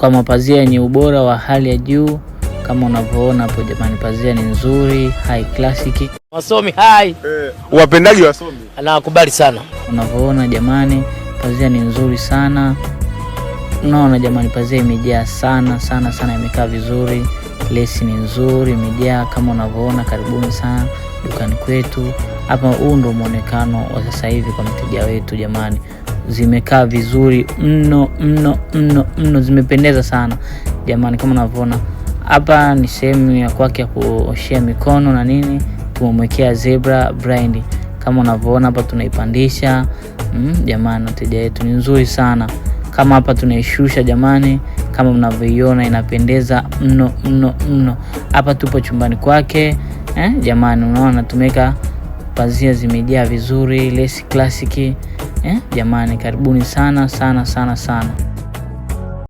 kwa mapazia yenye ubora wa hali ya juu kama unavyoona hapo jamani, pazia ni nzuri, high classic. Wasomi hai eh, wapendaji wasomi, anawakubali sana. Unavyoona jamani, pazia ni nzuri sana. Unaona jamani, pazia imejaa sana sana sana, imekaa vizuri, lesi ni nzuri, imejaa kama unavyoona. Karibuni sana dukani kwetu hapa. Huu ndio muonekano wa sasa hivi kwa mteja wetu jamani zimekaa vizuri mno mno mno mno, zimependeza sana jamani, kama unavyoona hapa ni sehemu ya kwake ya kuoshea mikono na nini. Tumemwekea zebra brand kama unavyoona hapa, tunaipandisha mm, jamani, wateja wetu ni nzuri sana. Kama hapa tunaishusha jamani, kama mnavyoiona inapendeza mno mno mno. Hapa tupo chumbani kwake eh, jamani, unaona tumeweka pazia zimejaa vizuri, lesi klasiki eh? Jamani, karibuni sana sana sana sana.